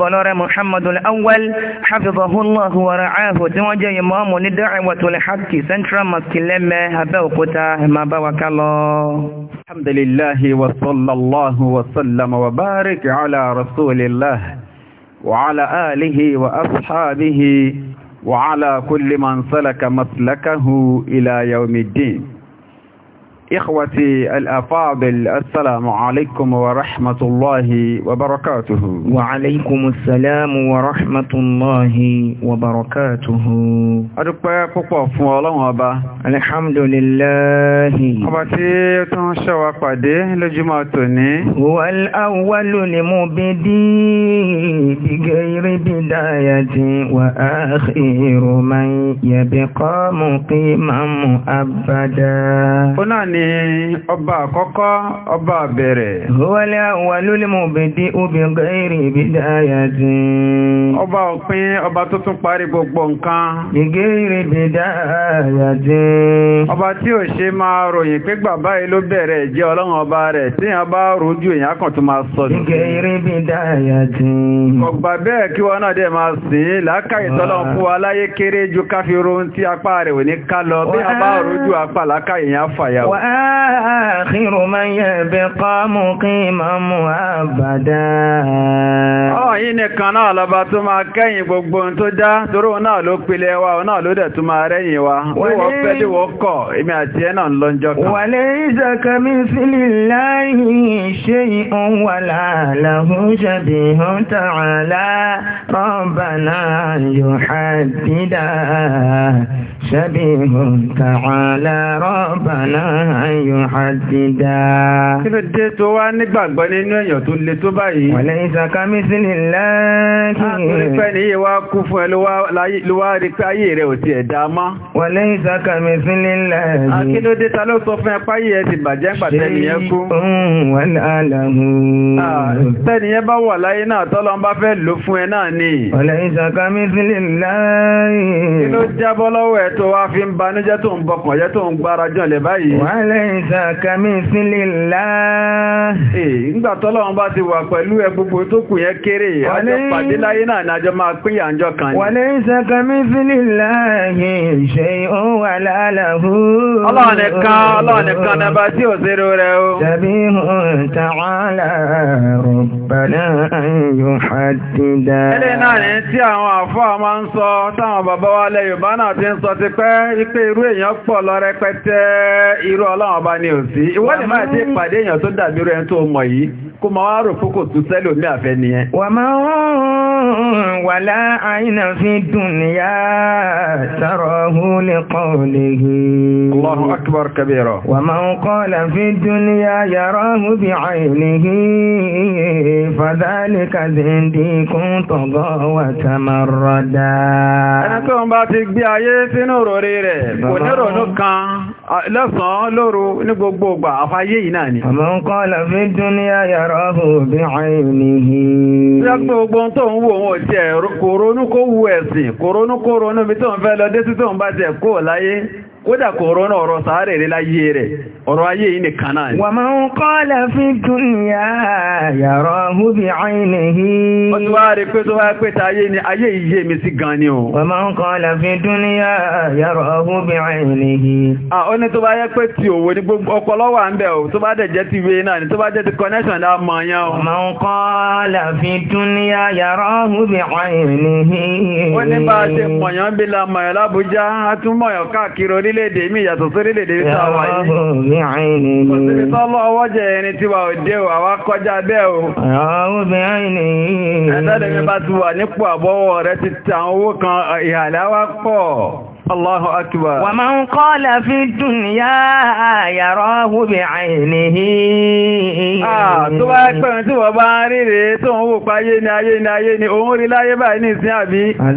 بلاره محمد الأول حفظه الله ورعاه توجه إمام الدعوة الحق سنترا مسكلمة هبوكتا ما بوك الله الحمد لله وصلى الله وسلم وبارك على رسول الله وعلى آله وأصحابه وعلى كل من سلك مسلكه إلى يوم الدين إخوتي الأفاضل السلام عليكم ورحمة الله وبركاته وعليكم السلام ورحمة الله وبركاته أدوكبا كوكو فوالا وبا الحمد لله أباتي تنشوا قدي لجمعتني هو الأول لمبدي بغير بداية وآخر من يبقى مقيما مؤبدا ni ọba àkọ́kọ́ ọba àbẹ̀rẹ̀. Huwal awwalul mubdi'u bi ya bidayatin. Ọba òpin ọba tó tún parí gbogbo nǹkan. Bi ghayri Ọba tí ò ṣe máa ròyìn pé bàbá yìí ló bẹ̀rẹ̀ jẹ́ ọlọ́run ọba rẹ̀ tí bá rojú kan tó máa sọ. Bi ghayri bidayatin. Ọgbà bẹ́ẹ̀ kí wọn náà dẹ̀ máa sìn ín làákàyè fún kéré ju آخر من يبقى مقيما أبدا ọ̀yí nìkan náà lọba tó máa kẹ́yìn gbogbo ohun tó dá toró náà ló pilẹ̀ wa náà ló dẹ̀ tó máa rẹ́yìn wa wọ́n fẹ́ lè wọ́n kọ̀ èmi àti ẹ̀ náà lọ́njọ́ kan وليس كمثله شيء ولا له شبيه تعالى ربنا يحدد شبيه تعالى ربنا yuhaddida. kí ló dé tó wá nígbàgbọ́ nínú èèyàn tó le tó báyìí. wọ̀lẹ́ ìsànká mi sí ni láàkì. àtúntò ìfẹ́ ni iye wa kú fún ẹ ló wá rí pé ayé rẹ̀ ò tiẹ̀ dá mọ́. wọ̀lẹ́ ìsànká sí ni láàkì. akíndóde ló sọ fún ti bàjẹ́ pàtẹ́ nìyẹn kú. wọ́n aláhu. tẹ́niyẹn bá wà láyé náà tọ́lọ́ bá fẹ́ lò fún ẹ náà ni. wọ̀lẹ́ ìsànká ni láàkì. kí ló jábọ́ lọ́wọ́ ẹ tó wá fi ń banújẹ́ tó ń bọkàn jẹ́ tó ń gbára jọ̀lẹ̀ báyìí lẹ́yìnsà eh, kàmí sílẹ̀ láàá. Ìgbà tọ́lọ́run bá ti wà pẹ̀lú ẹ gbogbo tó kù yẹ kéré, àjọ pàdé láyé náà ni àjọ máa pín àjọ kan ni. Wà lẹ́yìnsà kàmí sílẹ̀ láàyè ṣe òun wà láàlàhù. Ọlọ́run nìkan, ọlọ́run nìkan ni bá tí ò zero rẹ̀ o. Tàbí ọlọ́run ọba ni ò sí ìwọ́n ni máa tí ìpàdé èèyàn tó dàbí rẹ̀ tó mọ̀ yìí kó ma wá rò fókò tún sẹ́lò ní àfẹ́ nìyẹn wà máa wà láàáyínà fi dùnìyà tàrọ̀hù lè kọ́ lè hì Allahu akbar kabira wà máa qala fi dùnìyà yarahu bi aynihi fadhalika zindikun tọ̀gọ́ wà tamarrada ẹni tó ń bá ti gbé ayé sínú òròrí rẹ̀ kò ní rònú kan lọ́sàn-án lóru ní gbogbo ọgbà àfáyé yìí náà ni. ọmọ ń kọ́ lọ́fí dúníà yàrá òbí àìníhì. gbogbo tó ń wò wọn tiẹ̀ kòrónú ẹ̀sìn kòrónú tó ń fẹ́ lọ dé sí bá tiẹ̀ kó láyé kódà kòrónú ọ̀rọ̀ sáré rí láyé rẹ̀ ọ̀rọ̀ ayé yìí nìkan náà ni. wa man qala fi dunya yarahu bi'aynihi. ó ti wá rí pé tó wá pé ta ayé ni ayé yìí mi sí gan ni o. wa man qala fi dunya yarahu bi'aynihi. ó ní tó bá yẹ pé ti òwò ní gbogbo ọpọlọ wà ń bẹ̀ o tó bá dẹ̀ jẹ́ ti wé náà ni tó bá jẹ́ ti connection dá mọ̀ yẹn o. wa man qala fi dunya yarahu bi'aynihi. ó ní bá a ṣe mọ̀yàn bí la mọ̀yàn lábújá á tún mọ̀yàn káàkiri orílẹ̀-èdè mi ìyàtọ̀ sórílẹ̀-èdè àìní ni. Kọ̀síbi tọ́lọ́ ọwọ́ jẹ ẹni tí wà òde o, àwa kọjá bẹ́ẹ̀ o. Àwọn obìnrin ni. Ẹ̀dá lèmi bá ti wà nípò àbọ̀wọ̀ rẹ ti ta owó kan ìhàlẹ́ wa pọ̀. Allahu akbar. Wa man qala fi dunya yarahu bi'aynihi. Ah, tó bá pẹ̀ tí wọ́n bá ń ríre tó ń wò páyé ní ayé ní ayé ni òun rí láyé báyìí ní ìsìn àbí. Ojú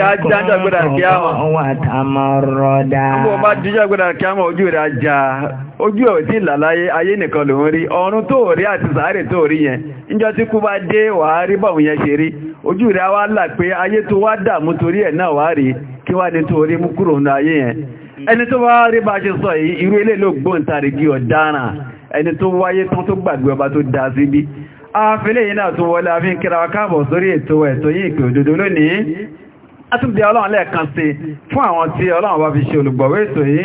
rẹ̀ ajá ń jàgbéra kí tamarrada. Wọ́n bá jàgbéra kí á mọ̀ ojú rẹ̀ ajá. Ojú ẹ̀ ò tí làláyé ayé nìkan lòun rí. Ọ̀run tó rí àti sàárè tó rí yẹn. Níjọ́ tí kú bá dé wàá rí báwọn yẹn ṣe rí. Ojú rẹ̀ á wá là pé ayé tó wá dààmú torí wá rí kí wá ní tó rí mú kúrò ní ayé yẹn ẹni tó wá rí bá ṣe sọ irú ilé ló gbóǹtarìgì ọ̀daràn ẹni tó wáyé tán tó gbàgbé ọba tó dá síbí afẹ́lẹ́ yìí náà tún wọlé afin kíra káàbọ̀ sórí ètò ẹ̀tọ́ yìí ìpè òdodo lónìí a tún bí ọlọ́run lẹ́ẹ̀kan sí fún àwọn tí ọlọ́run bá fi ṣe olùgbọ̀wé ètò yìí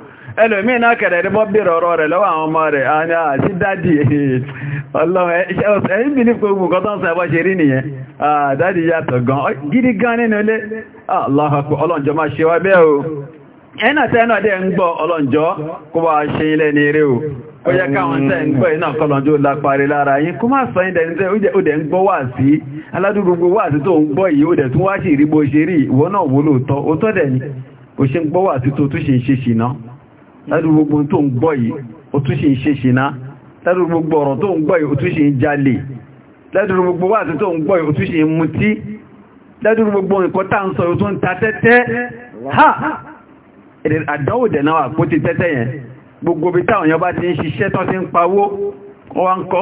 ẹlòmí náà kẹ̀rẹ̀ rí bọ́ bèèrè ọ̀rọ̀ rẹ̀ lọ́wọ́ àwọn ọmọ rẹ̀ àwọn àti dádì ẹ̀yìn bí ní gbogbo nǹkan tó ń ṣe rí nìyẹn dádì yàtọ̀ gan gidi gan nínú ilé ọlọ́njọ́ máa ṣe wá bẹ́ẹ̀ o ẹ̀nà tẹ́nà dẹ̀ ń gbọ́ ọlọ́njọ́ kó bá ṣe ilẹ̀ ní eré o ó yẹ káwọn tẹ́ ń gbọ́ iná kọlọ̀njọ́ láparí lára yín kó máa sọ ìdẹni tẹ́ ó dẹ̀ ń gbọ́ wà sí aládùrúgbò wà sí tó ń gbọ́ yìí ó dẹ̀ tún wá sí ìrìbò ṣe rí ìwọ náà wó lóòótọ́ ó tọ́ dẹ̀ ni ó ṣe ń gbọ́ wà sí tó ṣe ṣìná lẹ́rù gbogbo tó ń gbọ́ yìí ó tún ṣe ń ṣe ṣìná lẹ́rù gbogbo ọ̀rọ̀ tó ń gbọ́ yìí ó tún ṣe ń jalè lẹ́rù gbogbo wáàtí tó ń gbọ́ yìí ó tún ṣe ń mutí lẹ́rù gbogbo nǹkan tá ń sọ yìí tún ta tẹ́tẹ́ ha àdánwò dẹ̀nà wà kó ti tẹ́tẹ́ yẹn gbogbo bí táwọn yọba ti ń ṣiṣẹ́ tán ti ń pawó wọn ń kọ́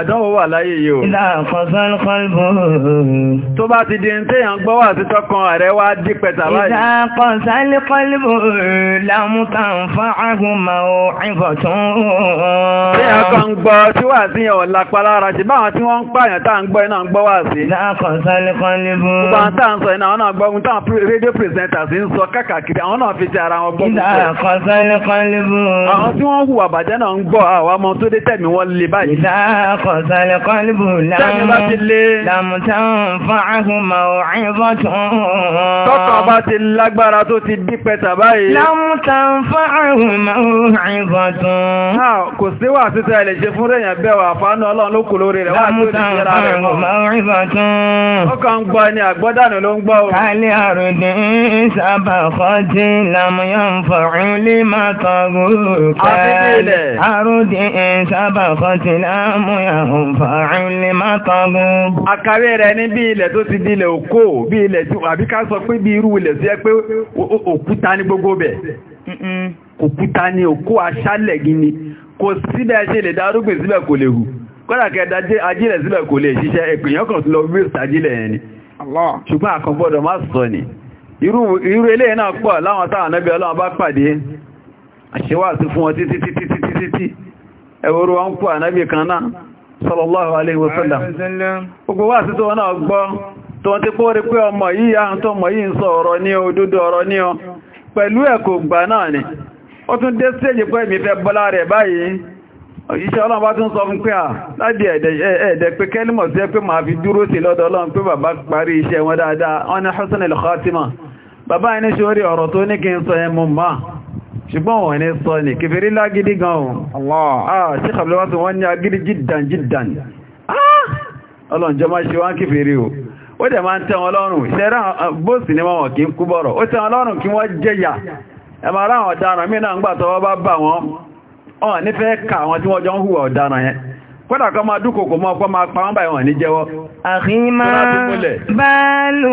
àdánwò wà láyé yìí o. Tó bá ti di ń tèèyàn gbọ́ wà sí tọ́kan ààrẹ wá dí pẹ̀tà báyìí. Ìdákọ̀sálẹ́kọ́lùbò lámútàn fún àgùnmọ̀ ìbọ̀ tún. Tèèyàn kan gbọ́ tí wà sí yẹn ọ̀lápá lára ṣe báwọn tí wọ́n ń pààyàn tá ń gbọ́ iná ń gbọ́ wà sí. Ìdákọ̀sálẹ́kọ́lùbò. Gbogbo àwọn tá ń sọ iná àwọn náà gbọ́ ohun táwọn rédíò pírẹsẹ̀ntà sí ń sọ káàkiri àwọn náà fi fọ̀sálẹ̀ kọ́lùbù lámùtán fún àhùmà òrìnbọ̀ tún. Tọ́kọ̀ bá ti lágbára tó ti bí pẹ̀tà báyìí. Lámùtán fún àhùmà òrìnbọ̀ tún. Kò sí wà títẹ́ ilẹ̀ ṣe fún rẹ̀yàn bẹ́wà fánú ọlọ́run ló kò lórí Àkàrí rẹ̀ bi ilẹ̀ tó ti di ilẹ̀ òkó, bí ilẹ̀ tí àbí ká sọ pé bí irú ilẹ̀ sí ẹ pé òkúta ní gbogbo bẹ̀. Òkúta ní òkó aṣálẹ̀ gini, kò síbẹ̀ ṣe lè dárúgbìn síbẹ̀ kò lè hù. Kọ́dà ajílẹ̀ síbẹ̀ kò lè ṣiṣẹ́ ẹ̀pìyàn kan lọ ajílẹ̀ ẹni. Ṣùgbọ́n àkọ́gbọ́dọ̀ má sọ ni. Irú ilé náà pọ̀ láwọn táwọn bá pàdé, àṣewà sí fún wọn títí títí títí Ẹ̀wọ̀rọ̀ wọn sallallahu alaihi wasallam gbogbo wá sí tó wọ́n náà gbọ́ tó wọ́n ti kórí pé ọmọ yìí ya tó mọ̀ yìí ń sọ ọ̀rọ̀ ní òdodo ọ̀rọ̀ ní ọ pẹ̀lú ẹ̀kọ́ gbà náà ni ó tún dé stéjì pé mi fẹ́ bọ́lá rẹ̀ báyìí òṣìṣẹ́ ọlọ́run bá tún sọ fún pé à láti ẹ̀ẹ̀dẹ̀ pé kẹ́lìmọ̀ sí ẹ pé màá fi dúró sí lọ́dọ̀ ọlọ́run pé bàbá parí iṣẹ́ wọn dáadáa wọ́n ṣùgbọ́n wọn ní sọ ní kèfèrí lágídí gan ohun Allah ṣe kàbílọ́wọ́ tí wọ́n ní agídí jìdàn jìdàn ah! ọlọ́njọ́ máa ṣe wọ́n o ó dẹ̀ máa ń tẹ́ wọn lọ́rùn ṣẹ́rá ah, bóòsì ní wọn kí ń kú bọ̀rọ̀ ó tẹ́ wọn lọ́rùn kí wọ́n jẹ́yà ẹ̀mà kódà kan máa dúkòkò mọ́ ọpọ́ máa pa wọ́n báyìí wọ́n ní jẹ́wọ́ àríma báàlù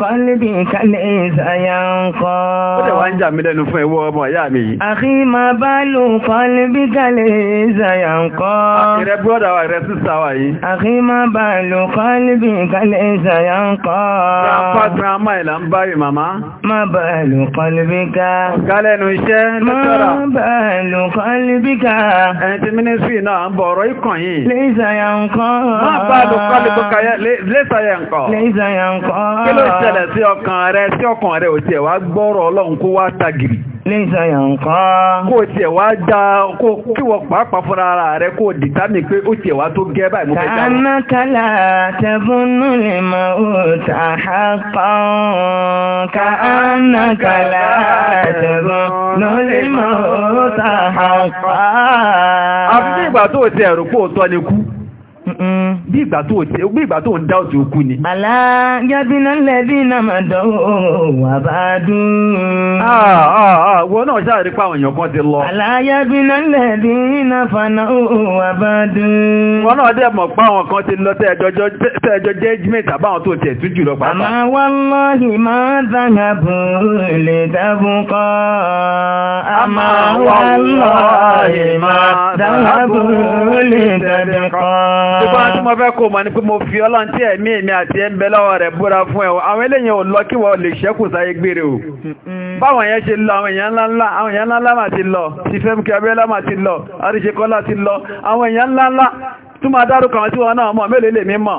kọlùbí kalẹ̀ ìsàyà ń kọ́ ó tẹ̀wà ń jà mí lẹ́nu fún ẹwọ́ ọmọ ìyá mi yìí àríma báàlù kọlùbí kalẹ̀ ìsàyà ń kọ́ àkìrẹ bọ́dà wa rẹ sísà wa yìí àríma báàlù kọlùbí kalẹ̀ ìsàyà ń kọ́ yàpá girama ọ̀rọ̀ ìkàn yìí Léìsà yà ń kọ́. Máa bá lùkọ́ lùkọ́ kàyẹ́, léìsà yà ń kọ́. Léìsà yà ń kọ́. Kí ló ṣẹlẹ̀ sí ọkàn rẹ̀ sí ọkàn rẹ̀ òtí ẹ̀ wá gbọ́rọ̀ ọlọ́run kó wá tagìrì lẹ́ìsà yàǹkọ́ kó tiẹ̀ wá dá kó kíwọ pàápàá fúnra ara rẹ̀ kó dìtà mi pé ó tiẹ̀ wá tó gẹ́ báyìí mú fẹ́ dáwọn. kàánákàlà tẹ̀bùnú lè mọ òòtà àpá kàánákàlà tẹ̀bùnú lè mọ òòtà àpá. àbúrò ìgbà tó ti ẹ̀rù pò tọ́ ni kú. bí ìgbà tó ń dá òtù òkú ni. Bàlá jábínà lẹ́bí ah, ah, ah, náà máa dánwò wà bá dùn. Wọ́n náà sáré pa èèyàn kan ti lọ. Bàlá jábínà lẹ́bí náà fana wà bá dùn. Wọ́n náà dẹ̀ mọ̀ pa àwọn kan ti lọ tẹ́ẹ̀jọ jẹ́ jimẹ̀tà báwọn tó tẹ̀ tún jùlọ pàápàá. Àmà máa lè dábùn kọ́. Àmà máa lè dábùn ṣùgbọ́n tí mo fẹ́ kó mọ̀ ní pé mo fi ọlọ́run tí ẹ̀mí èmi àti ẹ̀mẹ́ lọ́wọ́ rẹ̀ búra fún ẹ̀ àwọn eléyìn ò lọ kí wọ́n lè ṣẹ́kù sáyé gbére o báwọn yẹn ṣe lọ àwọn èèyàn ńláńlá máa ti lọ ti fẹ́mkì abẹ́lá máa ti lọ àríṣekọ́lá ti lọ àwọn èèyàn ńláńlá tún máa dárúkọ àwọn tí wọn náà mọ̀ mélòó lè mí mọ̀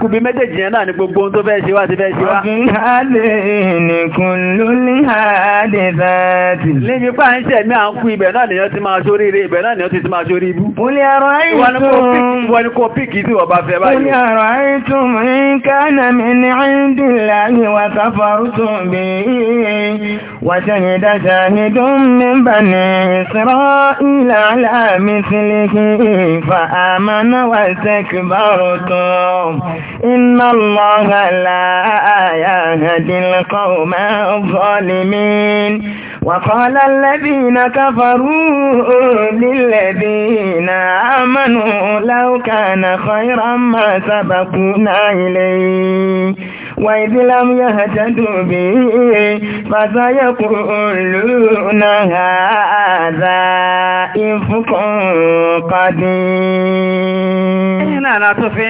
kú bí méjèèjì yẹn náà ni gbogbo ohun tó fẹ́ ṣe wá ti fẹ́ ṣe wá. ọ̀gbìnlẹ̀ nìkún ló ní àádé láti. níbi pa ń ṣẹ̀ mí à ń kú ibẹ̀ náà nìyẹn ti máa ṣoríire ibẹ̀ náà nìyẹn ti máa ṣorí ibú. mo ọ̀rọ̀ àìtún. wọ́n ní kò píkì tí wọ́n fẹ́ báyìí. mo ọ̀rọ̀ àìtún mi kánà mi ní àìndínláyé wà sáfàrú Inna Allaha la yahdil qawma zalimin. وقال الذين كفروا للذين آمنوا لو كان خيرا ما سبقنا إليه وإذ لم يهتدوا به فسيقولون هذا إفق قديم. Ìnáà tó fi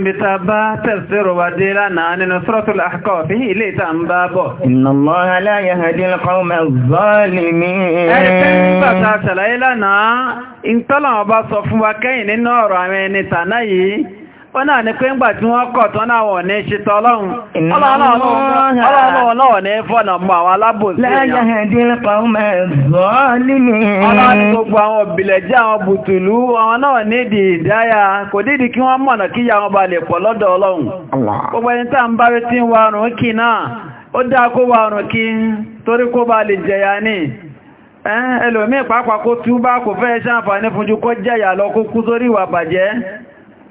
ń níbi ta bá tẹ̀sẹ̀rọ wa dé lánàá nínú Suratul Ahqaf fi ilé ìta ń bá bọ̀. Inna Allaha la yahdi al-qawma az-zalimin. Ẹ̀rẹ́fẹ́ nígbà ta ṣàlàyé lánàá, ìtọ́lọ̀ ọba sọ fún wa kẹ́yìn nínú ọ̀rọ̀ àwọn ẹni tàná ó náà ní pé ń gbà tí wọ́n kọ̀ tán náà wọ̀n ní ṣetọ́ ọlọ́run ọlọ́run ní fọ́nà mọ́ àwọn alábòsí ọlọ́run gbogbo àwọn òbìlẹ̀jẹ́ àwọn bùtùlú àwọn náà nídi ìdáyà kò dídi kí wọ́n mọ̀nà kí ya wọn bá lè pọ̀ lọ́dọ̀ ọlọ́run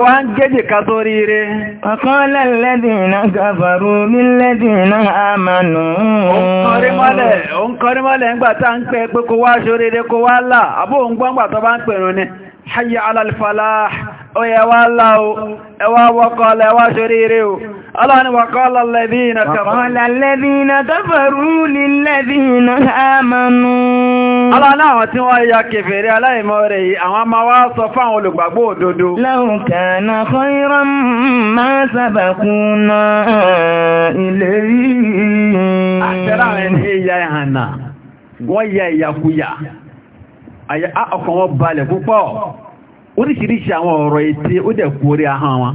wá ń gẹ́jì ká tó ríire. Ọ̀kọ́lá lẹ́dìnà gàbàrú ní lẹ́dìnà àmànù. Ó ń kọrí mọ́lẹ̀ ń gbà tá ń pẹ́ pé kó wá ṣoríire kó wá là, àbó gbọ́ngbà tó bá ń pẹ̀rún ni, hayya alal oye wa ńlá o ẹwà wọ́kọ́lẹ̀ wá ṣoríire o aláwọ̀ ni wọ́kọ́lẹ̀ lẹ́bíina kafaru lẹ́bíina amanu aláwọ̀ àwọn tí wọ́n ya kèfèrè aláìmọ́ rẹ̀ yìí àwọn ma wá sọ fáwọn olùgbàgbọ́ òdodo law kana oríṣiríṣi àwọn ọ̀rọ̀ ète ó dẹ̀ kú orí ahọ́n wọn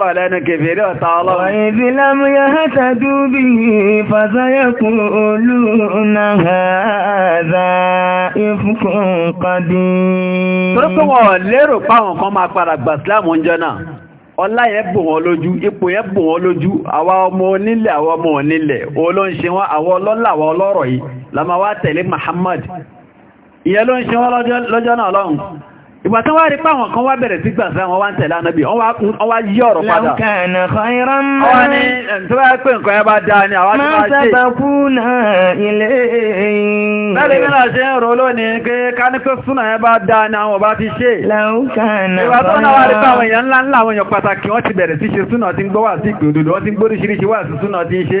gbọ́rọ̀ lẹ́nu kèfèrè ọ̀ta ọlọ́run. Wà Ọlá yẹ bò wọn lójú, ipò yẹ bò wọn lójú, àwa ọmọ onílẹ̀, àwa ọmọ onílẹ̀, olóńṣe wọn, àwa ọlọ́lá, àwa ọlọ́rọ̀ yìí, la wá tẹ̀lé Muhammad. Ìyẹn ló ń ṣe wọn lọ́jọ́ náà lọ́hùn ìgbàtán wá rí pé àwọn kan wá bẹ̀rẹ̀ sí gbàǹsá wọn wá ń tẹ̀lé ànábì wọ́n wá yí ọ̀rọ̀ padà. wọ́n ní tó bá pé nǹkan ẹ bá da ni àwọn ti máa ṣe. máa sábàkú náà ilé yìí. lẹ́lẹ̀ bí náà ṣe ń rò lónìí pé ká ní pé súnà ẹ bá ti ṣe.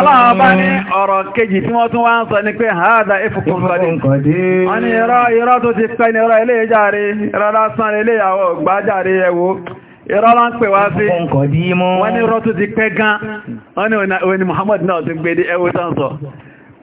Aláàbá ní ọ̀rọ̀ kejì tí wọ́n tún wá ń sọ ní pé àádá ìfùkún kọ̀dé. Wọ́n ní irọ́ irọ́ tó ti pẹ́ ní irọ́ ilé ìjáre, irọ́ lásán ilé ìyàwó gbájáre ẹwò. Irọ́ lọ ń pè wá sí. Wọ́n ní irọ́ tó ti pẹ́ gan. Wọ́n ní Muhammad náà ti gbé ẹwò tán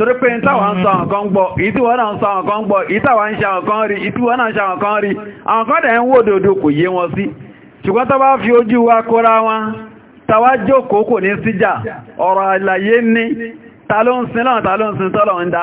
torí pé táwọn ń sọ nǹkan gbọ́ ìtíwọ́ náà ń sọ nǹkan gbọ́ ìtàwà ń ṣe nǹkan iti ìtíwọ́ náà nsọ ṣe nǹkan rí àwọn kan dẹ̀ ń wò kò yé wọn sí ṣùgbọ́n tó bá fi ojú wa kóra wọn tàwa jókòó kò ní síjà ọ̀rọ̀ àlàyé ní ta ló ń sin náà tọ́lọ̀ ń da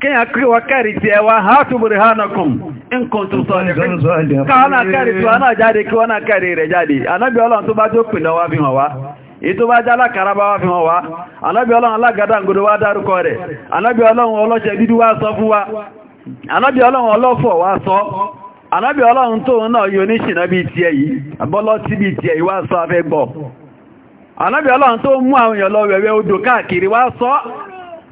kíyàn kí wọ kẹ́rì tí ẹwà hátùbùrì hánàkùn ǹkùntù sọ́lẹ̀kùn káwọn kẹ́rì tí wọ́n náà jáde kí wọ́n náà kẹ́rì rẹ̀ jáde anábí ọlọ́run tó bá tó pìnà wá fi wọn wá ètò bá jálá karaba wá fi wá anábí ọlọ́run ngodo wá dárúkọ rẹ̀ anábí ọlọ́run ọlọ́ṣẹ́ ọlọ́run tó mú àwọn odò káàkiri wá sọ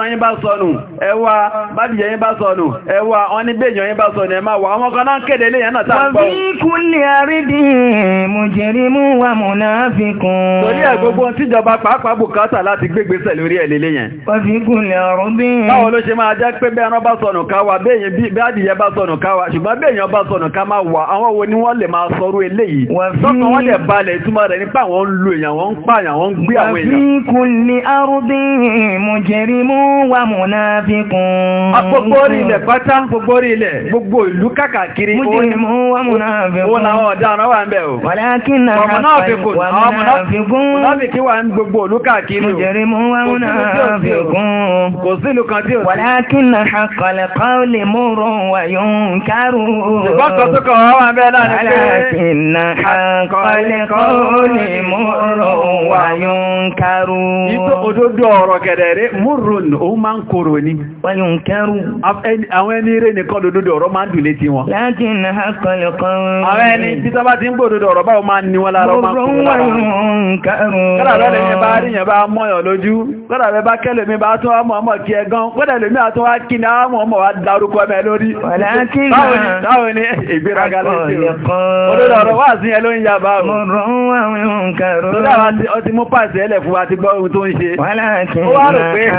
tọ́nà yín bá sọnù ẹwà bádìyẹ yín bá sọnù ẹwà wọn ní gbèyàn yín bá sọnù ẹmà wà ọmọ kan náà kéde léyàn náà tàbí pọ̀. wọ́n fi kúlẹ̀ àrídì mùjẹ̀rímù wà mùnáfikùn. torí ẹ̀ gbogbo tíjọba pàápàá bùkátà láti gbégbésẹ̀ lórí ẹ̀ lélẹ̀ yẹn. wọ́n ni wọ́n lè máa sọrú eléyìí. tọ́kàn wọ́n lè balẹ̀ ìtumọ̀ rẹ̀ nípa wa munafikun. Ah, gbogbo orí ilẹ̀ pátá, gbogbo orí ilẹ̀, gbogbo ìlú kákàkiri. Mujrimu wa munafikun. Wọ́n làwọn na munafikun. Àwọn munafikun. Munafiki wà ń gbogbo ìlú kákàkiri o. wa munafikun. na haqqal qawli murun wa yunkaru. Ṣùgbọ́n kan tó kàn wá wà ń bẹ̀ náà ni pé. Walakin na haqqal qawli murun wa yunkaru. Ìtò òdodo ọ̀rọ̀ gẹ̀dẹ̀rẹ̀ múrùn òun máa ń korò ní wọ́n kẹrù àwọn ẹni rẹ̀ nìkan lòdòdó ọ̀rọ̀ máa ń dùn létí wọn láti nà á kọlẹ̀ kan àwọn ẹni tí sábà ti ń gbòdòdó ọ̀rọ̀ báwọn máa ń ní wọn lára máa ń kọrù lára kọ́dà lọ́dẹ̀ yẹn bá rí yẹn bá mọ́yàn lójú kọ́dà lẹ́ bá kẹ́lẹ̀ mi bá tún wá mọ̀ ọmọ kí ẹ gan kọ́dà lèmi àtún wá kí ni á mọ̀ ọmọ wá darúkọ mẹ lórí báwo ni ìgbéraga lóṣèlú olódò ọ̀rọ̀ wà sí yẹn ló ń yaba o tó dáa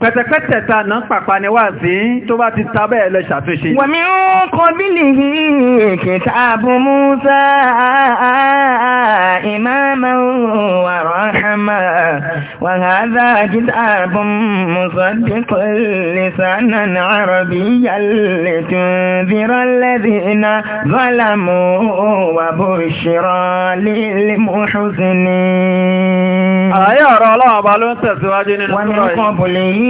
pẹ̀tẹ̀pẹ̀tẹ̀ ta nà ń pàpà ní wà sí tó bá ti tabẹ́ ẹlẹ́ ṣàtúnṣe. wọ̀mí ń kọ bílì yìí kìtàbù Musa ìmáàmà wà rọ́hàmà wà hádà kìtàbù musaddiqul lisanan arabiyyan litunzira alladhina zalamu wa bushra lil muhsinin. ààyè ọ̀rọ̀ ọlọ́run ọba ló ń tẹ̀síwájú nínú sọ́rọ̀ yìí.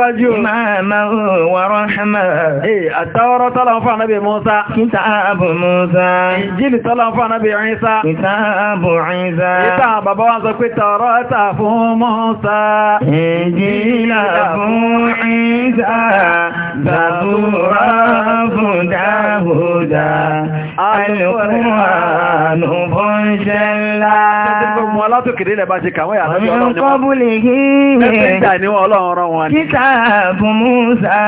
síwájú ìmáàmán wa rahma àtàwọ́rọ́ tọ́lọ fún ànábì Musa kìtàbù Musa ìjìlì tọ́lọ fún ànábì Isa kìtàbù Isa ìta bàbá wọn Musa ìjìlà fún Isa Zabura fún Dáhùdá alùkùnránù fún ṣẹlá Tẹ́tí gbogbo ọlátòkèrè ṣe kàwọ́ ìyànàbí ọlọ́run ni ọlọ́run Kíta kìtàbù Musa.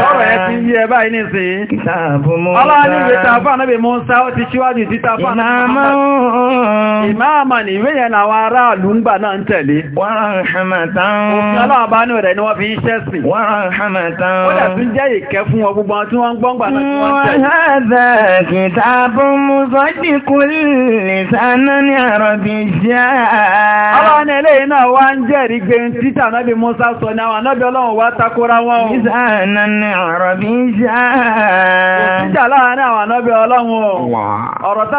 Sọ́rọ̀ ẹ ti yí ẹ báyìí nísìn. Kìtàbù Musa. Ọlọ́ni náà bí Musa ó ti ṣíwájú sí tàbá náà. Ìmáàmà ni ìwé yẹn àwọn aráàlú ń gbà náà ń tẹ̀lé. Wọ́n rán hamatan. Òfin ọlọ́ọ̀bá ní rẹ̀ ni wọ́n hamatan. Ó dẹ̀ tún jẹ́ ìkẹ́ fún wọn gbogbo tí wọ́n gbọ́ngbà náà tí wọ́n tẹ̀lé. Hadha kìtàbù musaddiqu lisanan arabiyyan. Ọlọ́ni Musa sọ ní àwọn anábẹ́ wọn wá takora wọn. ìsáànà ni ọ̀rọ̀ bí ń ṣá. ìjà láàárín àwọn anábì ọlọ́run o. ọ̀rọ̀ tá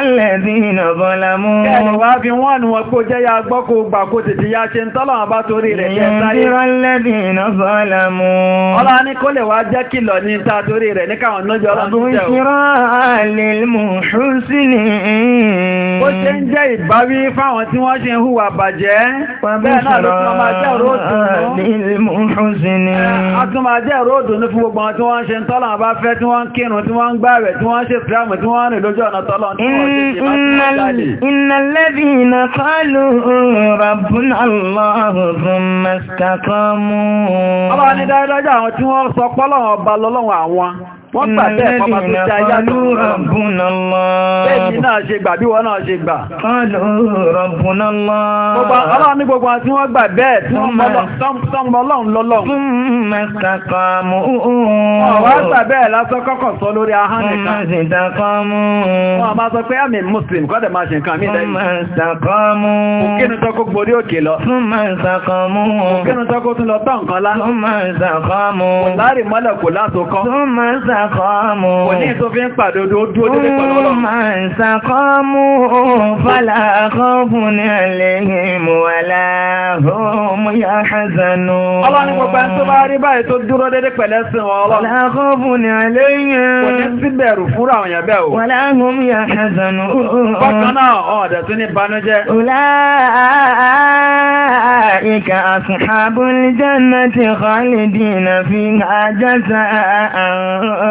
alladhina zalamu. Ẹni wá fi wọ́n ni wọ́n kó jẹ́ ya gbọ́ kó gbà kó tètè ya ṣe ń tọ́lọ̀ wọn bá torí rẹ̀ jẹ́ sáré. alladhina zalamu. Ọlá ní kó lè wá jẹ́ kìlọ̀ ní ta torí rẹ̀ ní káwọn lójú ọlọ́run lil muhsinin. Ó ṣe ń jẹ́ ìbáwí fáwọn tí wọ́n ṣe ń hùwà bàjẹ́. Bẹ́ẹ̀ náà ló tún إن الذين قالوا ربنا الله ثم استقاموا wọ́n gbà bẹ́ẹ̀ kọ́ máa tó já yàtọ̀ bẹ́ẹ̀ni náà ṣe gbà bí wọ́n náà ṣe gbà ọlọ́run ní gbogbo àti wọ́n gbà bẹ́ẹ̀ tí wọ́n mọ ọlọ́run lọ́lọ́run wọ́n gbà bẹ́ẹ̀ lásán kọ́kọ̀ sọ lórí ahọ́n nìkan wọ́n máa sọ pé àmì muslim kọ́dẹ̀ máa ṣe nǹkan mí lẹ́yìn òkínú tọ́kọ́ gborí òkè lọ òkínú tọ́kọ́ tún lọ tọ́ nǹkan lá kò láàrin mọ́lẹ̀ kò látò kan sàkọ́mù. Kò ní tó fi ń pàdòdó dúó dédé pẹ̀lú ọlọ́run. Ó máa ń sàkọ́mù fàlàkọ́bùn ní àlẹ́yìn wàlá ọmọ yá hazanú. Ọlọ́run ní gbogbo ẹni tó bá rí báyìí tó dúró dédé pẹ̀lẹ́ sí wọn ọlọ́run. Fàlàkọ́bùn ní àlẹ́yìn. Kò ní sí bẹ̀rù fúnra àwọn yẹn bẹ́ẹ̀ o. Wàlá ọmọ yá hazanú. Bákan náà, ọ̀dẹ̀ tún ní banújẹ́. Ọláìka ashabul jannati khalidina fiha jaza'an.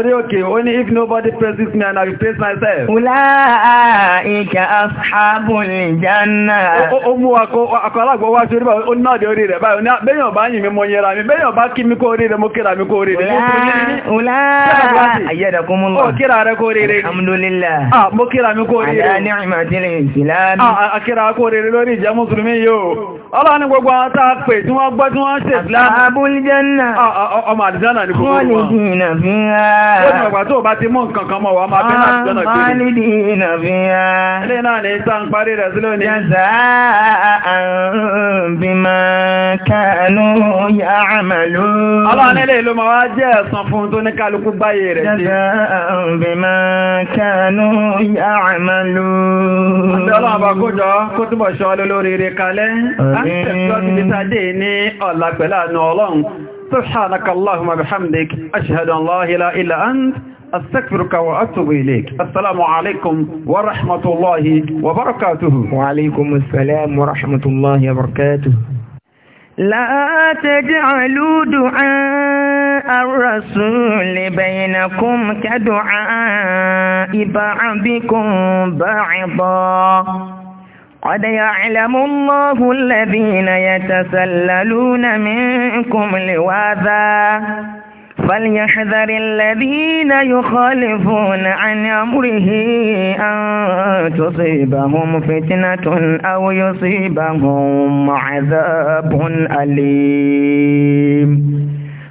sórí òkè ó ní if nobody praises me and I praise myself. Ulaika ashabul jannah. Ó mú akọ alágbó wá sí orí ó náà dé orí rẹ̀ báyìí, bẹ́yàn bá yìn mi mo yẹra mi, bẹ́yàn bá kí mi kó orí rẹ̀ mo kíra mi kó orí rẹ̀. Ulaika ayyadakumullah. Ó kíra rẹ̀ kó orí rẹ̀. Alhamdulillah. Ah, kíra mi kó orí rẹ̀. Àdá ní ìmọ̀tílé ìsìlámi. Ah, akíra kó orí rẹ̀ lórí ìjẹ́ Mùsùlùmí yóò. Ọlọ́run gbogbo àwọn tá a pè tí wọ́n gbọ́ tí wọ́n ṣe ìsìlámi. Ashabul jannah. Ah, ah, ọmọ àdìjánà ni gbogbo wọn. Wọ́n lè jìnà fi hàn. Ah. Ó ti mọ̀gbà tó bá ti mú nǹkan kan mọ̀ wà máa bẹ́ láti jọ́nà kiri. Máa nídi iná fi ha. Ilé náà ní ìta ń parí rẹ̀ sílẹ̀ ní. Jẹ́sà bí máa kánú yá àmàlú. Ọlọ́run nílé ìlú ní ọlọ́run سبحانك اللهم بحمدك أشهد أن لا إله إلا أنت أستغفرك وأتوب إليك السلام عليكم ورحمة الله وبركاته وعليكم السلام ورحمة الله وبركاته لا تجعلوا دعاء الرسول بينكم كدعاء بعضكم بعضا قد يعلم الله الذين يتسللون منكم لواذا فليحذر الذين يخالفون عن أمره أن تصيبهم فتنة أو يصيبهم عذاب أليم